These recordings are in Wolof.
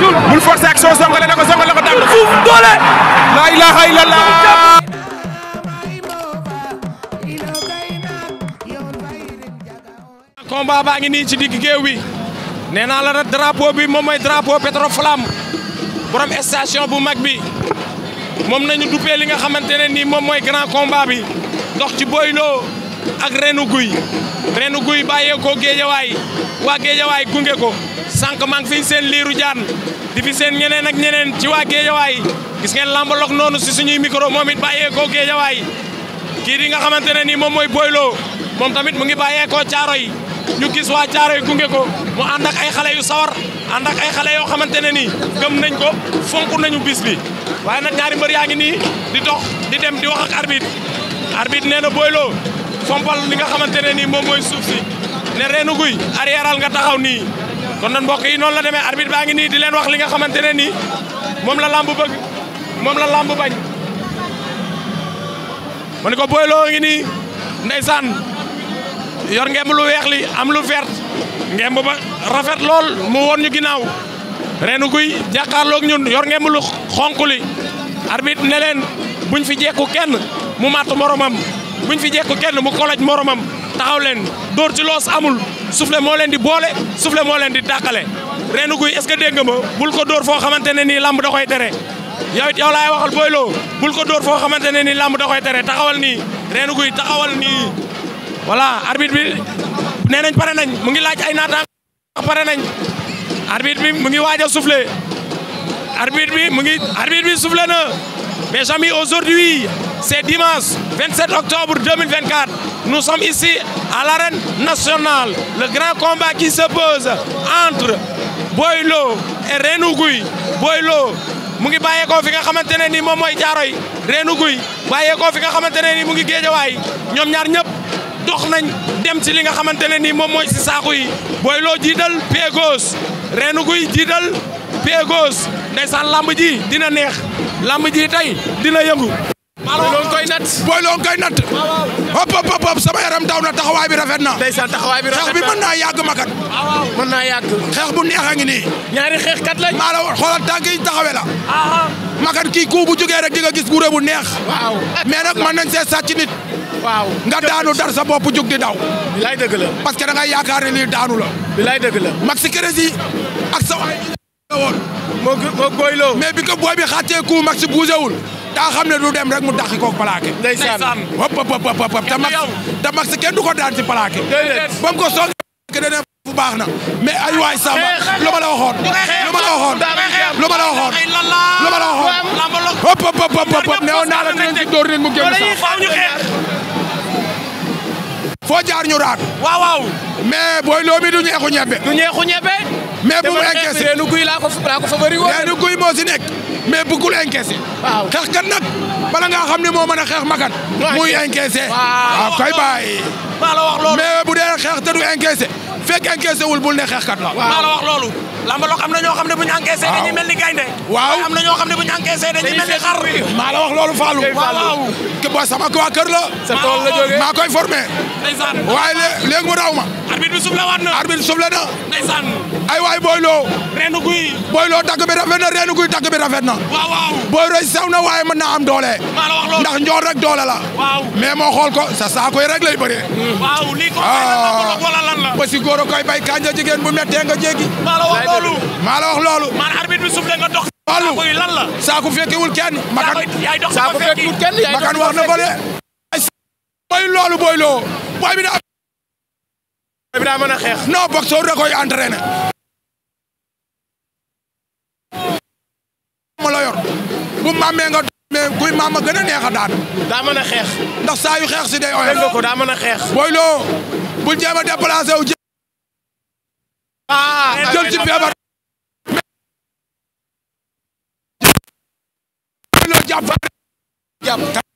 Oh, bul forcer ak soo songale na ko songale na ko daan na fuuf doole. la ilaha illallah. combat baa ngi nii ci digg géew bi nee naa la nag drapeau bi moom mooy drapeau Petroflamme borom station bu mag bi moom nañu duppee li nga xamante ne nii moom mooy grand combat bi dox ci Boylo ak Reenu Guy Reenu Guy bàyyeekoo Géejawaay waa Géejawaay gunge ko sànq maa ngi fi seen liiru jaan di fi seen ñeneen ak ñeneen ci waa Géejawaay gis ngeen làmbaloog noonu si suñuy micro moom it bàyyeekoo Géejawaay kii di nga xamante ne nii moom mooy Boylo moom tamit mu ngi bàyyeekoo Caaroy ñu gis waa Caaroy gunge ko mu ànd ay xale yu sawar ànd ak ay xale yoo xamante ne nii gëm nañ ko fonk nañu bis bi waaye nag ñaari mbër yaa ngi nii di dox di dem di wax ak arbitre arbitre nee na Boy Lo fompal li nga xamante ne nii moom mooy suuf si ne reenu guy nga taxaw nii kon nag mbokk yi noonu la demee arbitre baa ngi nii di leen wax li nga xamante ne nii moom la làmb bëgg moom la làmb bañ ma ne ko Boy ngi nii ndeysaan yor ngemb lu weex li am lu vert ngemb ba rafet lool mu woon ñu ginnaaw reenu guy jàkkaarloog ñun yor ngemb lu xonk li arbitre ne leen buñ fi jekku kenn mu màtt moromam buñ fi jekku kenn mu koloj moromam taxaw leen dóor ci loos amul soufflé moo leen di boole soufflé moo leen di tàqale reenu guy est-ce que dégg nga bul ko dóor foo xamante ne nii lamb da koy tere yow it waxal Boy Lo bul ko dóor foo xamante ne nii làmb da koy taxawal nii reenu guy taxawal nii voilà arbitre bi nee nañ pare nañ mu ngi laaj ay naata pare nañ arbitre bi mu ngi waaj a soufflé arbitre bi mu ngi arbitre bi soufflé na mes amis aujourd'hui c'est dimanche 27 octobre 2024 nous sommes ici à l'arène nationale le grand combat qui se pose entre Boy Lo et Renou Gouye Boy Lo mu ngi bàyyeekoo fi nga xamante ne ni moom mooy Thiaroye Renou Gouye bàyyeekoo fi nga xamante ne ni mu ngi Guédiawaye ñoom ñaar ñëpp dox nañ dem ci li nga xamante ne nii moom mooy si saako yi booy loo jiital pied gauche reenu guy jiital pied gauche ndeysaan làmb ji dina neex lamb ji tey dina yëngu. booy koy nat booy loo koy nat. hop hop hop sama yaram daw na taxawaay bi rafet na. ndeysaan taxawaay bi xeex bi mën naa yàgg makat. mën naa yàgg. xeex bu neex ngi nii. ñaari xeexkat lañ. maa la xoolal tànk yi taxawee la. bakkan kii ku bu jógee rek di nga gis gure bu neex. waaw mais nag mën nañ nit. nga daanu dar sa bopp jug di daw. bilaay dëgg da ngay yaakaar ne lii daanu la. bilaay dëgg la maxi crési ak sa waay woon. moo moo booyloo. mais bi ko booy bi xàccee ku maxi bougé daa xam ne du dem rek mu dàqi koog plaqué. ndeysaan hop hop hop hop te max ko daan ci plaqué. ba mu ko soog a. bu baax na mais ay waay lu ma la waxoon lu ma la waxoon. lu ma la waxoon lu ma la waxoon hop naa la dinañ ci door leen mu génn foo jaar ñu raak waaw booy loomi du ñeexu ñebe du ñeexu ñebe mais bu mu encaissé reenu guy laa ko laa ko fa bëri nekk mais bëggul encaissé xeex kat nag bala ngaa xam ne moo mën a xeex makan muy encaissé waaw ah, kay bàyyi bu dee xeex te du encaissé fekk encaissé wul bul ne xeexkat la. waaw maa la wax loolu. lamba loog am na ñoo xam ne bu ñu encaissé dañuy mel ni gaynde. waaw am na ñoo xam ne bu ñu encaissé dañuy mel ni xar. maa la wax loolu Fallou. waaw waaw. sama waa kër la. sa tool la jógee maa koy formé. ndeysaan waaye léegi mu raw ma. arbitre bi soufflé waat na. arbitre soufflé na. ndeysaan. ay waay Boylo. reenu guy. Boylo tàgg bi rafet na reenu guy tàgg bi rafet na. waaw waaw. Boylo sew na waaye mën naa am doole. maa la wax loolu ndax njool rek doole la. waaw mais moo xool ko sa saako yi rek lay bëree. waaw lii ko lan ah. la wala lan la. parce que góor Gora koy bay kanja jigéen bu méttee nga jéggi. maa la loolu. maa la loolu. de nga dox. loolu saaku yi lan la. saaku fekkiwul kenn. makan yaay dox saaku fekkiwul kenn yaay dox makan wax na loolu booy loo. booy bi daa. booy mën a xeex. non boxeur da koy entraîné. ma la yor bu mamee nga. mais kuy maam a gën a neex a daan. daa xeex. ndax saa xeex si day. booy loo bul jéem a déplacé jël ci feebar jàpp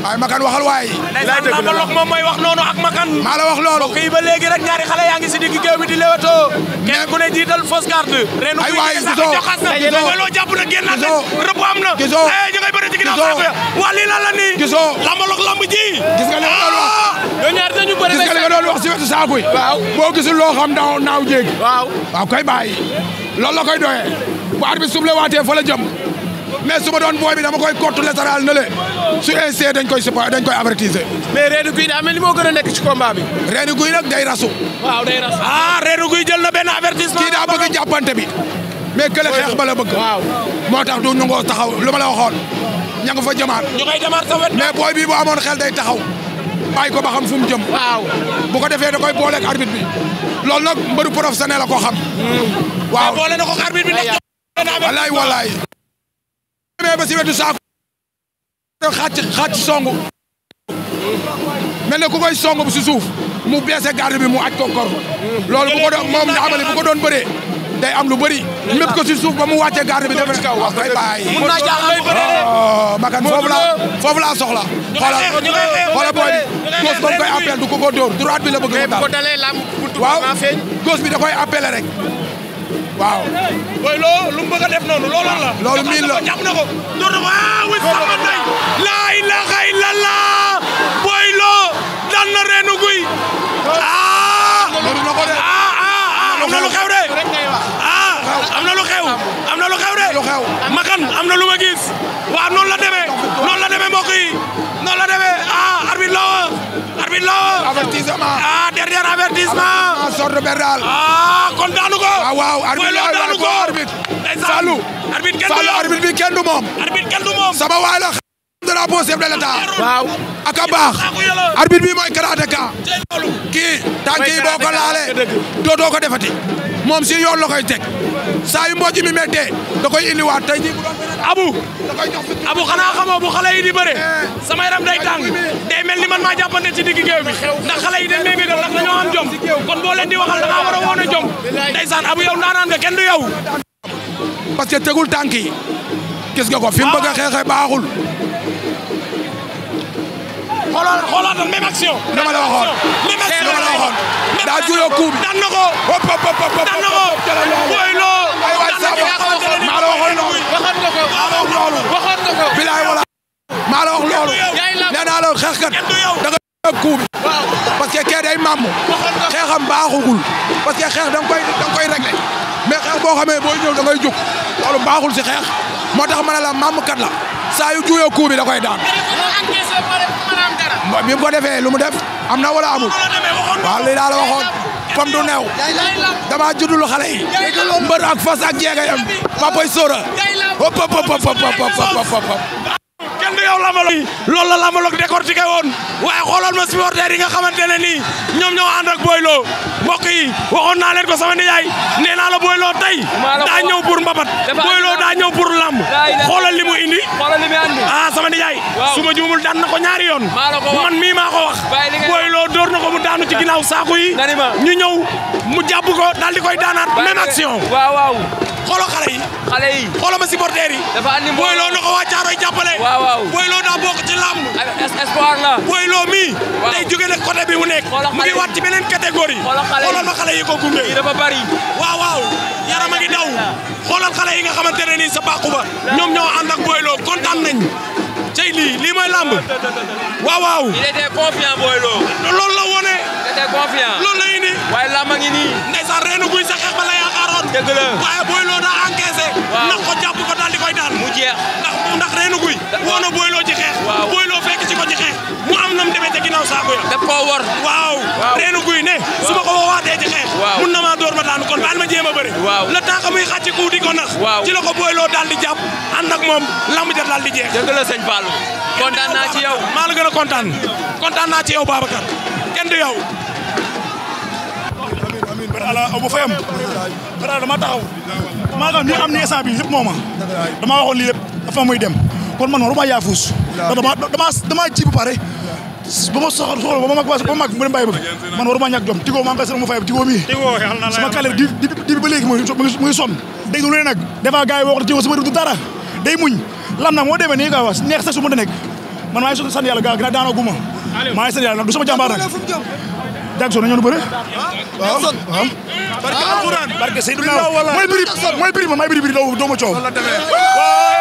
ay makan waxal waay. laay dëgg la moom mooy wax noonu ak makan. maa la wax loolu kii ba léegi rek ñaari xale yaa ngi si digg géew bi di lewetoo. ku ne jiital fausse garde. ren bu ñu sax di na gisoo loo jàpp na génn na rëbb am na. gisoo eh, ñu ngay bëri ci ginnaaw saako ya. waa lii la nii. Ah! wax. si wetu saako boo gisul loo xam naaw naaw jéeg. koy bàyyi loolu la koy doyee bu arbitre souffle waatee fa la jëm mais su ma doon booy bi dama koy kottu latéral na le su insee dañ koy suppa dañ koy avertiser. mais Reenu Guy daa ni moo gën a nekk ci combat bi. Reenu Guy nag day rasu. waaw day ah, Guy jël na benn avertissement. kii daa bëgg jàppante bi. mais kële xeex bëgg. moo tax du ñu ngoo taxaw lu ma la waxoon. ña nga fa jëmaat. ñu koy jëmaat sa wet. booy bi bu amoon xel day taxaw. bàyyi ko ba xam fu mu jëm. waaw ko defee da koy booleeg arbitre bi. loolu nag mbëru professionnel la ko xam. Hmm. waaw boole na ko arbitre bi ndax. wallaay wallaay. demee ba si wetu saako xàcc xàcc songu mel ne ku koy songu bu si suuf mu beese garde bi mu aj ko kor loolu bu ko moom ñaamali bu ko doon bëree day am lu bëri mépp ko si suuf ba mu wàccee garde bi dafa kaw wax kay oh, bàyyi oh, makan foofu la soxla xoolal xoolal booy bi gauche bi la da koy appelé rek waaw lu mu bëgg a def noonu loolu lan la. loolu miin la jàpp na ko door na ko ah oui sama ndey. laa ilaha illallah booy loo daan na reenu guy. Ah! ah ah ah am na lu xew de. ah am na lu xew am na lu xew de. makan am na lu ma gis. waaw noonu la demee noonu la demee mbokk yi noonu la demee ah arbitre la woon arbitre la woon avertissement ah dernier avertissement. ah sort de Berdal. ah kon daanu ko. waaw ah, waaw arbitre la daanu ko. Fallou arbitre kenn du moom Fallou arbitre bi kenn du moom. arbitre waay la drapeau chef de l'État. waaw a baax. arbitre bi mooy karateka. kii tànk yi boo ko laalee dootoo ko defati moom si yoon la koy teg saa mi méttee da koy indiwaat tey abu abu xanaa xamoo bu xale yi di bëre eh. sama yaram day mel ni man maa jàppante ci digg géew bi ndax xale yi dañ may bégal ndax kon boo di waxal da ngaa war a woon a jom ndeysaan abu yow ndaanaan nga kenn du yow parce que tegul tànk yi gis nga ko fi mu bëgg a xeexee baaxul. xoolal xoolal même waxoon même action dama waxoon. daa juyoo coup na ko. hop waxoon loolu. waxoon nga ko maa loolu. waxoon nga ko bilaay wala. maa parce que kee day màmm. xeexam baaxugul. parce que xeex da koy da mais xeex boo xamee booy ñëw da ngay jóg. loolu baaxul si xeex moo tax ma ne la maam kat la saa yu juyoo kuu bi da daan. bi mu ko defee lu mu def am na wala amul waaw lii daal la waxoon comme du neew dama juddul xale mbër ak fas ak jeegayam papay sóora hop hop hop hop hop yow lambalog loolu la lambalog décortiqué woon waaye xoolal ma supporter yi nga xamante ne nii ñoom ñoo ànd ak Boy Lo mbokk yi waxoon naa leen ko sama nijaay nee naa la Boy Lo tey daa ñëw pour mbapat Boy Lo daa ñëw pour lamb xoolal li mu indi ah sama nijaay su ma juumul daan ko ñaari yoon man mii maa ko wax Boy Lo door mu daanu ci ginnaaw saako yi ñu ñëw mu jàpp ko daal di koy daanaat même action waaw waaw xoolal xale ma supporter yi Boy Lo na ko Boylo daa bokk ci la. Boylo mii. waaw day jóge nag côté bi mu nekk. mu ngi waat ci beneen catégorie. xoolal ma xale yi ko gunge. yi dafa bari. waaw waaw a ngi daw. xoolal xale yi nga xamante ne sa bàqu ba. ñoom ñoo ànd ak Boylo kontaan nañ cey lii lii mooy làmb. waaw waaw. il était confiant Boylo. loolu la wone. il était la indi. waaye làmb a ngi guy sa xeex dëgg la waaye Boy Lo daa encaissé. waaw ndax ko jàpp ko daal di koy daan. mu jeex ndax reenu guy. woo na ci xeex. waaw Boy Lo fekk xeex. mu am nam demee ca ginnaaw saako waaw reenu guy ne. su ma ko xeex. mun na maa door ma daanu kon baal ma a bëri. waaw le temps que di ko nax. waaw ci la ko Boy Lo daal di jàpp ànd ak moom lamb ja daal di jeex. dëgg la sëñ kontaan naa ci yow. maa la gën a kontaan naa ci yow Babacar kenn du yow bu fay am dara dama taxaw maa xam ni am ni instant bi yëpp mooma dama waxoon lii yëpp dafa muy dem kon man waruma yaafuus dama dama dama ji bu pare mag ba ma mag mu dem bàyyi ba man waruma ñàkk jom Tigo maa ngi koy seetlu ma fayam Tigo mii sama kale di di ba léegi mu ngi sonn dégg lu ne nag dafa gars yi wax Tigo sama du dara day muñ lam nag moo demee nii nga neex sa su ma da nekk man maa ngi sant yàlla gaa gën a daanoo guma maa ngi sant nag du sama jàmbaar nag Jackson dañoo nu bëre. waaw waaw. barke alxuraan barke Seydou. mooy biri mooy biri ma may biri biri doo ma coow.